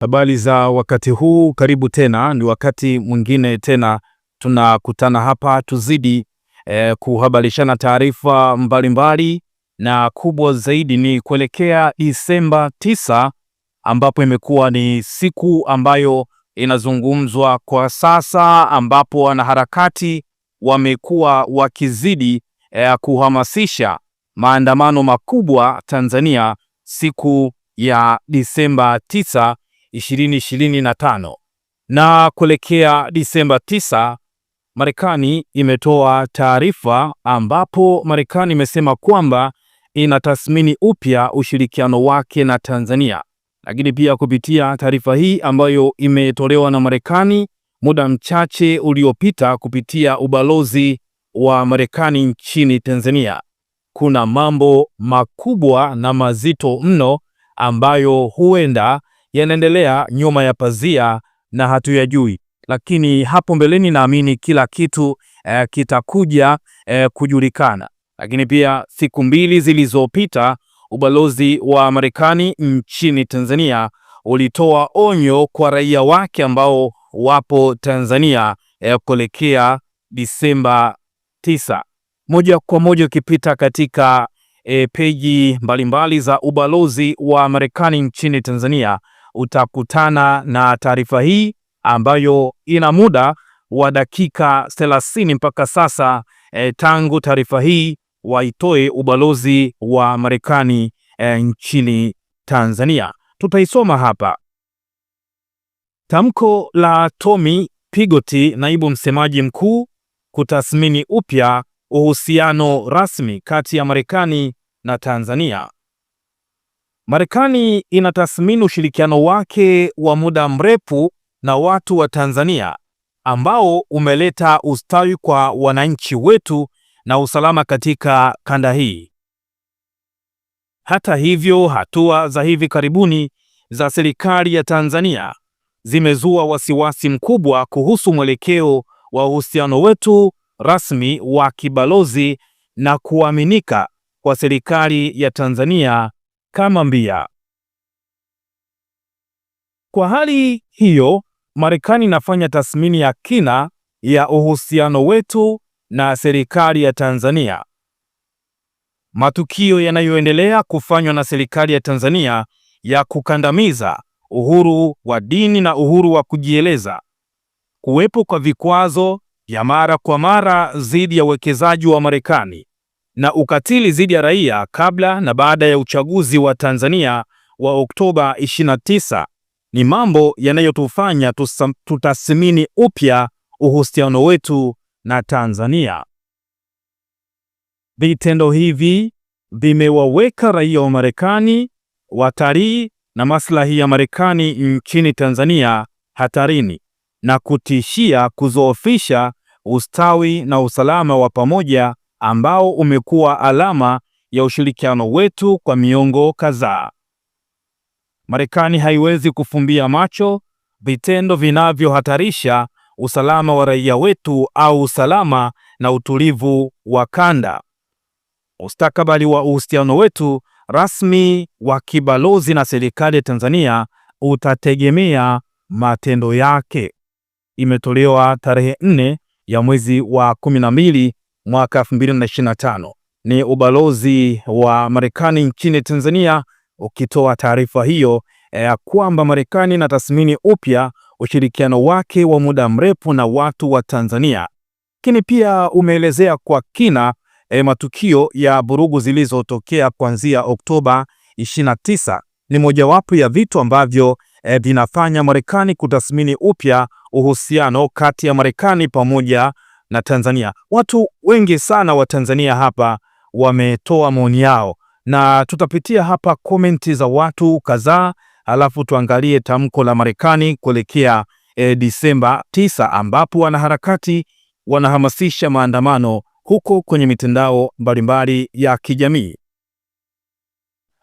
Habari za wakati huu, karibu tena, ni wakati mwingine tena tunakutana hapa tuzidi eh, kuhabarishana taarifa mbalimbali, na kubwa zaidi ni kuelekea Disemba tisa, ambapo imekuwa ni siku ambayo inazungumzwa kwa sasa, ambapo wanaharakati wamekuwa wakizidi eh, kuhamasisha maandamano makubwa Tanzania siku ya Disemba tisa 2025 na kuelekea Disemba 9 Marekani imetoa taarifa ambapo Marekani imesema kwamba inatathmini upya ushirikiano wake na Tanzania. Lakini pia kupitia taarifa hii ambayo imetolewa na Marekani muda mchache uliopita kupitia ubalozi wa Marekani nchini Tanzania, kuna mambo makubwa na mazito mno ambayo huenda yanaendelea nyuma ya pazia na hatuyajui, lakini hapo mbeleni naamini kila kitu eh, kitakuja eh, kujulikana. Lakini pia siku mbili zilizopita ubalozi wa Marekani nchini Tanzania ulitoa onyo kwa raia wake ambao wapo Tanzania eh, kuelekea Disemba 9. Moja kwa moja ukipita katika eh, peji mbalimbali za ubalozi wa Marekani nchini Tanzania utakutana na taarifa hii ambayo ina muda wa dakika 30 mpaka sasa e, tangu taarifa hii waitoe ubalozi wa Marekani e, nchini Tanzania. Tutaisoma hapa. Tamko la Tommy Pigoti, naibu msemaji mkuu, kutathmini upya uhusiano rasmi kati ya Marekani na Tanzania. Marekani inatathmini ushirikiano wake wa muda mrefu na watu wa Tanzania ambao umeleta ustawi kwa wananchi wetu na usalama katika kanda hii. Hata hivyo, hatua za hivi karibuni za serikali ya Tanzania zimezua wasiwasi mkubwa kuhusu mwelekeo wa uhusiano wetu rasmi wa kibalozi na kuaminika kwa serikali ya Tanzania kama mbia. Kwa hali hiyo, Marekani inafanya tathmini ya kina ya uhusiano wetu na serikali ya Tanzania. Matukio yanayoendelea kufanywa na serikali ya Tanzania ya kukandamiza uhuru wa dini na uhuru wa kujieleza, kuwepo kwa vikwazo ya mara kwa mara dhidi ya uwekezaji wa Marekani, na ukatili dhidi ya raia kabla na baada ya uchaguzi wa Tanzania wa Oktoba 29 ni mambo yanayotufanya tutathmini upya uhusiano wetu na Tanzania. Vitendo hivi vimewaweka raia wa Marekani, watalii na maslahi ya Marekani nchini Tanzania hatarini na kutishia kuzoofisha ustawi na usalama wa pamoja ambao umekuwa alama ya ushirikiano wetu kwa miongo kadhaa. Marekani haiwezi kufumbia macho vitendo vinavyohatarisha usalama wa raia wetu au usalama na utulivu wa kanda. Mustakabali wa uhusiano wetu rasmi wa kibalozi na serikali ya Tanzania utategemea matendo yake. Imetolewa tarehe nne ya mwezi wa 12 mwaka 2025. Ni ubalozi wa Marekani nchini Tanzania ukitoa taarifa hiyo eh, ya eh, kwamba Marekani inatathmini upya ushirikiano wake wa muda mrefu na watu wa Tanzania, lakini pia umeelezea kwa kina eh, matukio ya vurugu zilizotokea kuanzia Oktoba 29. Ni mojawapo ya vitu ambavyo eh, vinafanya Marekani kutathmini upya uhusiano kati ya Marekani pamoja na Tanzania. Watu wengi sana wa Tanzania hapa wametoa maoni yao na tutapitia hapa komenti za watu kadhaa, alafu tuangalie tamko la Marekani kuelekea e, Disemba 9 ambapo wanaharakati wanahamasisha maandamano huko kwenye mitandao mbalimbali ya kijamii.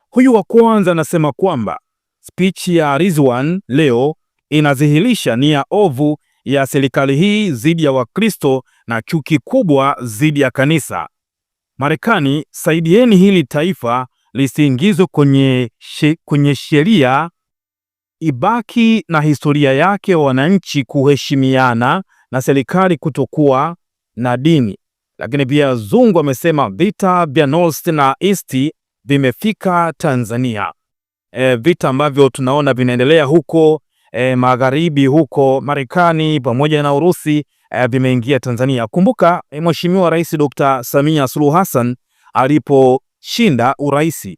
Huyu wa kwanza anasema kwamba spichi ya Rizwan leo inadhihirisha nia ovu ya serikali hii dhidi ya Wakristo na chuki kubwa dhidi ya kanisa. Marekani, saidieni hili taifa lisiingizwe kwenye, she, kwenye sheria ibaki na historia yake, wananchi kuheshimiana na serikali kutokuwa na dini. Lakini pia Zungu amesema vita vya North na East vimefika Tanzania. E, vita ambavyo tunaona vinaendelea huko e, magharibi huko Marekani pamoja na Urusi e, vimeingia Tanzania. Kumbuka e, Mheshimiwa Rais Dr. Samia Suluhu Hassan aliposhinda uraisi,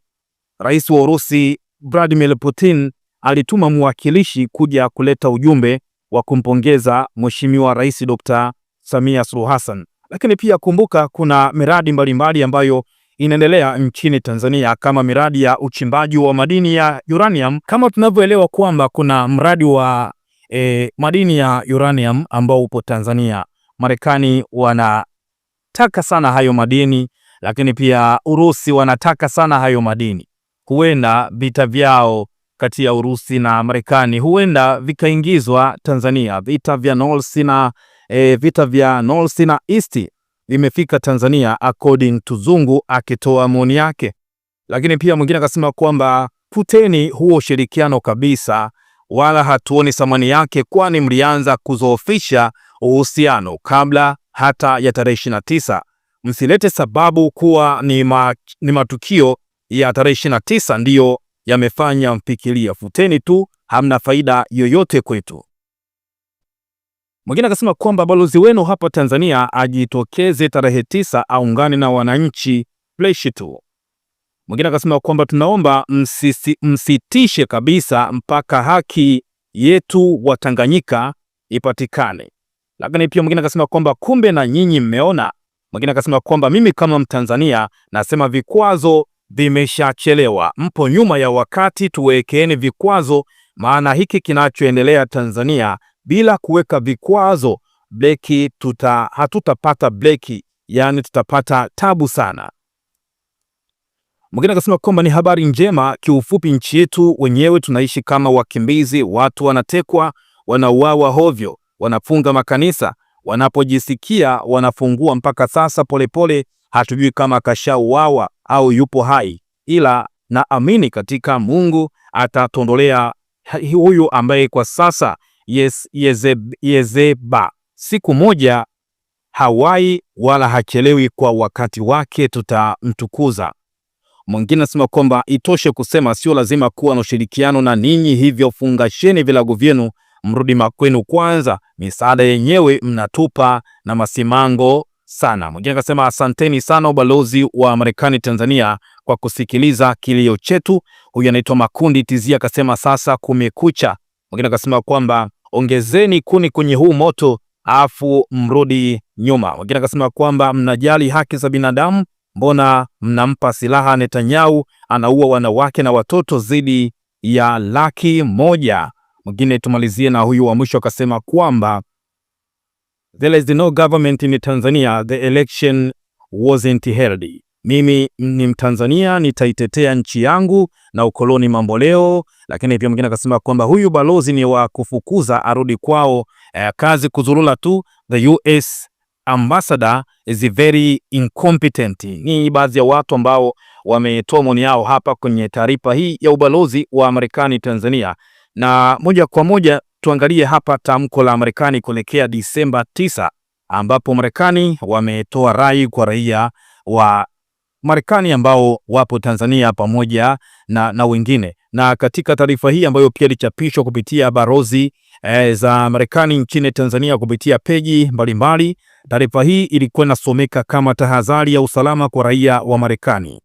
Rais wa Urusi Vladimir Putin alituma mwakilishi kuja kuleta ujumbe wa kumpongeza Mheshimiwa Rais Dr. Samia Suluhu Hassan. Lakini pia kumbuka kuna miradi mbalimbali ambayo inaendelea nchini Tanzania kama miradi ya uchimbaji wa madini ya uranium. Kama tunavyoelewa kwamba kuna mradi wa e, madini ya uranium ambao upo Tanzania. Marekani wanataka sana hayo madini, lakini pia Urusi wanataka sana hayo madini. Huenda vita vyao kati ya Urusi na Marekani huenda vikaingizwa Tanzania, vita vya North na e, vita vya North na East limefika Tanzania according to Zungu akitoa maoni yake. Lakini pia mwingine akasema kwamba futeni huo ushirikiano kabisa, wala hatuoni thamani yake, kwani mlianza kuzoofisha uhusiano kabla hata ya tarehe 29. Msilete sababu kuwa ni, ma, ni matukio ya tarehe 29 ndiyo yamefanya mfikiria. Futeni tu, hamna faida yoyote kwetu. Mwingine akasema kwamba balozi wenu hapa Tanzania ajitokeze tarehe tisa aungane na wananchi fresh tu. Mwingine akasema kwamba tunaomba msisi, msitishe kabisa mpaka haki yetu Watanganyika ipatikane. Lakini pia mwingine akasema kwamba kumbe na nyinyi mmeona. Mwingine akasema kwamba mimi kama Mtanzania nasema vikwazo vimeshachelewa, mpo nyuma ya wakati, tuwekeeni vikwazo, maana hiki kinachoendelea Tanzania bila kuweka vikwazo breki tuta, hatutapata breki, yani tutapata tabu sana. Mwingine akasema kwamba ni habari njema. Kiufupi, nchi yetu wenyewe tunaishi kama wakimbizi, watu wanatekwa, wanauawa hovyo, wanafunga makanisa wanapojisikia wanafungua. Mpaka sasa polepole, hatujui kama kashauawa au yupo hai, ila naamini katika Mungu atatondolea huyu ambaye kwa sasa yes, Yezeba Siku moja hawai wala hachelewi kwa wakati wake, tutamtukuza. Mwingine anasema kwamba itoshe kusema sio lazima kuwa na ushirikiano na ninyi, hivyo fungasheni vilago vyenu mrudi makwenu kwanza, misaada yenyewe mnatupa na masimango sana. Mwingine akasema asanteni sana ubalozi wa Marekani Tanzania kwa kusikiliza kilio chetu. Huyu anaitwa Makundi Tizia akasema sasa kumekucha. Mwingine akasema kwamba ongezeni kuni kwenye huu moto afu mrudi nyuma. Wengine akasema kwamba mnajali haki za binadamu, mbona mnampa silaha Netanyahu, anaua wanawake na watoto zaidi ya laki moja. Mwingine tumalizie na huyu wa mwisho akasema kwamba there is no government in Tanzania, the election wasn't held. Mimi ni Mtanzania, nitaitetea nchi yangu na ukoloni mambo leo. Lakini pia mwingine akasema kwamba huyu balozi ni wa kufukuza, arudi kwao, eh, kazi kuzurula tu. The US ambassador is very incompetent. Ni baadhi ya watu ambao wametoa maoni yao hapa kwenye taarifa hii ya ubalozi wa Marekani Tanzania, na moja kwa moja tuangalie hapa tamko la Marekani kuelekea Disemba 9 ambapo Marekani wametoa rai kwa raia wa Marekani ambao wapo Tanzania pamoja na, na wengine. Na katika taarifa hii ambayo pia ilichapishwa kupitia barozi e, eh, za Marekani nchini Tanzania kupitia peji mbalimbali, taarifa hii ilikuwa inasomeka kama tahadhari ya usalama kwa raia wa Marekani.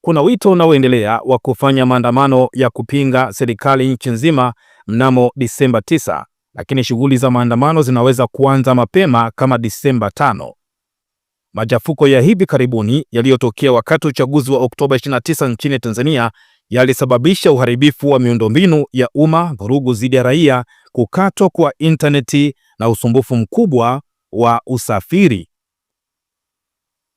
Kuna wito unaoendelea wa kufanya maandamano ya kupinga serikali nchi nzima mnamo Disemba 9, lakini shughuli za maandamano zinaweza kuanza mapema kama Disemba 5. Machafuko ya hivi karibuni yaliyotokea wakati uchaguzi wa Oktoba 29 nchini Tanzania yalisababisha uharibifu wa miundombinu ya umma, vurugu dhidi ya raia, kukatwa kwa intaneti na usumbufu mkubwa wa usafiri.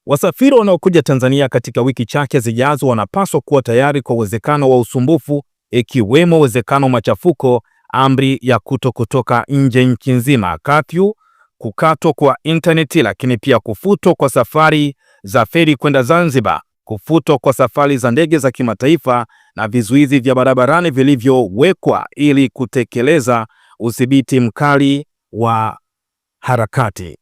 Wasafiri wanaokuja Tanzania katika wiki chache zijazo wanapaswa kuwa tayari kwa uwezekano wa usumbufu, ikiwemo uwezekano wa machafuko, amri ya kuto kutoka nje nchi nzima, kafyu kukatwa kwa intaneti, lakini pia kufutwa kwa safari za feri kwenda Zanzibar, kufutwa kwa safari za ndege za kimataifa na vizuizi vya barabarani vilivyowekwa ili kutekeleza udhibiti mkali wa harakati.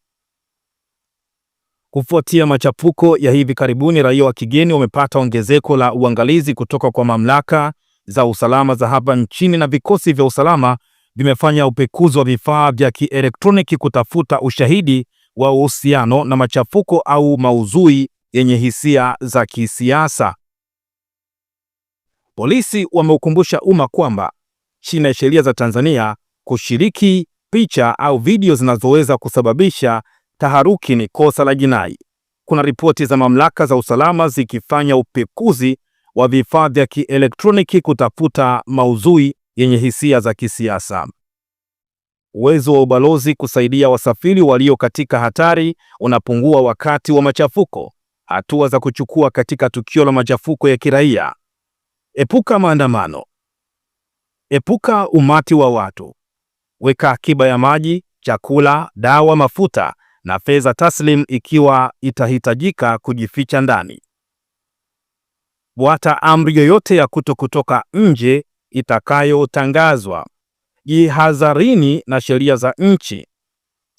Kufuatia machafuko ya hivi karibuni, raia wa kigeni wamepata ongezeko la uangalizi kutoka kwa mamlaka za usalama za hapa nchini na vikosi vya usalama vimefanya upekuzi wa vifaa vya kielektroniki kutafuta ushahidi wa uhusiano na machafuko au mauzui yenye hisia za kisiasa. Polisi wameukumbusha umma kwamba chini ya sheria za Tanzania, kushiriki picha au video zinazoweza kusababisha taharuki ni kosa la jinai. Kuna ripoti za mamlaka za usalama zikifanya upekuzi wa vifaa vya kielektroniki kutafuta mauzui yenye hisia za kisiasa. Uwezo wa ubalozi kusaidia wasafiri walio katika hatari unapungua wakati wa machafuko. Hatua za kuchukua katika tukio la machafuko ya kiraia: epuka maandamano, epuka umati wa watu, weka akiba ya maji, chakula, dawa, mafuta na fedha taslim ikiwa itahitajika kujificha ndani. Fuata amri yoyote ya kuto kutoka nje itakayotangazwa. Jihadharini na sheria za nchi.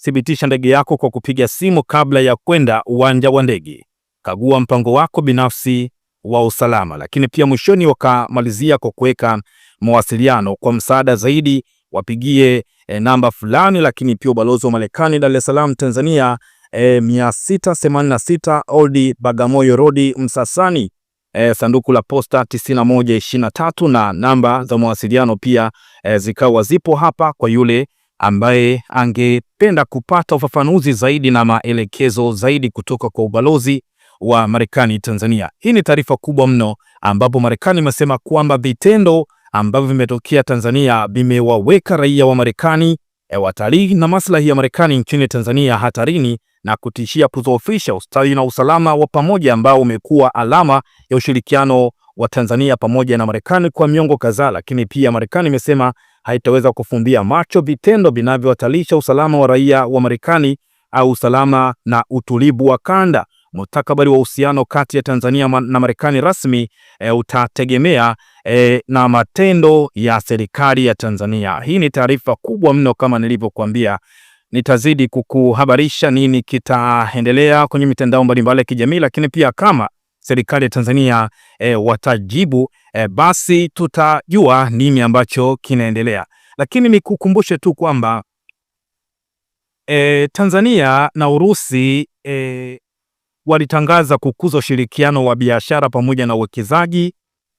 Thibitisha ndege yako kwa kupiga simu kabla ya kwenda uwanja wa ndege. Kagua mpango wako binafsi wa usalama. Lakini pia mwishoni, wakamalizia kwa kuweka mawasiliano. Kwa msaada zaidi, wapigie e, namba fulani. Lakini pia ubalozi wa Marekani Dar es Salaam Tanzania, e, eh, 686 Old Bagamoyo Road Msasani e, sanduku la posta 9123 na namba za mawasiliano pia e, zikawa zipo hapa kwa yule ambaye angependa kupata ufafanuzi zaidi na maelekezo zaidi kutoka kwa ubalozi wa Marekani Tanzania. Hii ni taarifa kubwa mno ambapo Marekani imesema kwamba vitendo ambavyo vimetokea Tanzania vimewaweka raia wa Marekani, eh, watalii na maslahi ya Marekani nchini Tanzania hatarini na kutishia kudhoofisha ustawi na usalama wa pamoja ambao umekuwa alama ya ushirikiano wa Tanzania pamoja na Marekani kwa miongo kadhaa. Lakini pia Marekani imesema haitaweza kufumbia macho vitendo vinavyohatarisha usalama wa raia wa Marekani au usalama na utulivu wa kanda. Mustakabali wa uhusiano kati ya Tanzania na Marekani rasmi e, utategemea e, na matendo ya serikali ya Tanzania. Hii ni taarifa kubwa mno kama nilivyokuambia nitazidi kukuhabarisha nini kitaendelea kwenye mitandao mbalimbali ya kijamii, lakini pia kama serikali ya Tanzania e, watajibu e, basi tutajua nini ambacho kinaendelea, lakini nikukumbushe tu kwamba e, Tanzania na Urusi e, walitangaza kukuza ushirikiano wa biashara pamoja na uwekezaji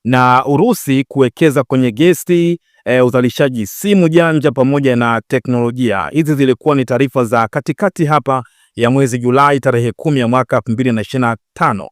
na Urusi kuwekeza kwenye gesi e, uzalishaji simu janja pamoja na teknolojia. Hizi zilikuwa ni taarifa za katikati hapa ya mwezi Julai tarehe kumi ya mwaka 2025.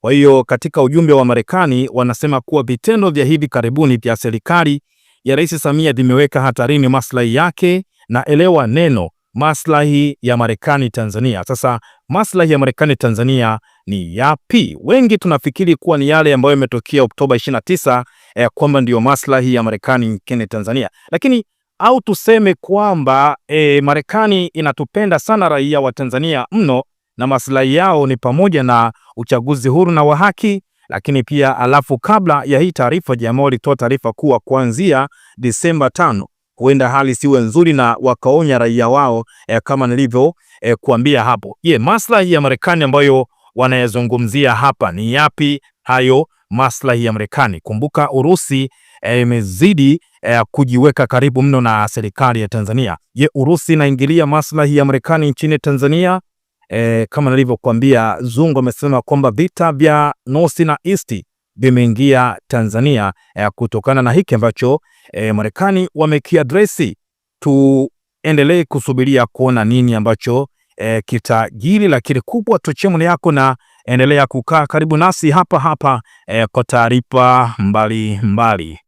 Kwa hiyo katika ujumbe wa Marekani wanasema kuwa vitendo vya hivi karibuni vya serikali ya Rais Samia vimeweka hatarini maslahi yake, na elewa neno maslahi ya Marekani Tanzania. Sasa maslahi ya Marekani Tanzania ni yapi? Wengi tunafikiri kuwa ni yale ambayo yametokea Oktoba 29 eh, kwamba ndiyo maslahi ya Marekani nchini Tanzania, lakini au tuseme kwamba eh, Marekani inatupenda sana raia wa Tanzania mno na maslahi yao ni pamoja na uchaguzi huru na wa haki lakini pia alafu, kabla ya hii taarifa, jamaa walitoa taarifa kuwa kuanzia Disemba tano huenda hali siwe nzuri, na wakaonya raia wao eh, kama nilivyo eh, kuambia hapo. Je, maslahi ya Marekani ambayo wanayazungumzia hapa ni yapi hayo maslahi ya Marekani. Kumbuka Urusi eh, imezidi e, kujiweka karibu mno na serikali ya Tanzania. Je, Urusi inaingilia maslahi ya Marekani nchini Tanzania? E, kama nilivyokuambia Zungu amesema kwamba vita vya North na East vimeingia Tanzania e, kutokana na hiki ambacho e, Marekani wamekiadresi. Tuendelee kusubiria kuona nini ambacho e, eh, kitajiri, lakini kubwa tu yako na endelea kukaa karibu nasi hapa hapa e, kwa taarifa mbalimbali.